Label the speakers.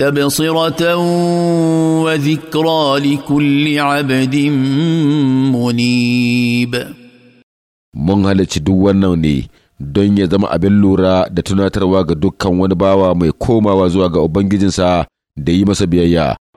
Speaker 1: تبصره وذكرى لكل عبد
Speaker 2: منيب
Speaker 3: mun halarci duk wannan ne don ya zama abin lura da tunatarwa ga dukkan wani bawa mai komawa zuwa ga
Speaker 4: Ubangijinsa da yi masa biyayya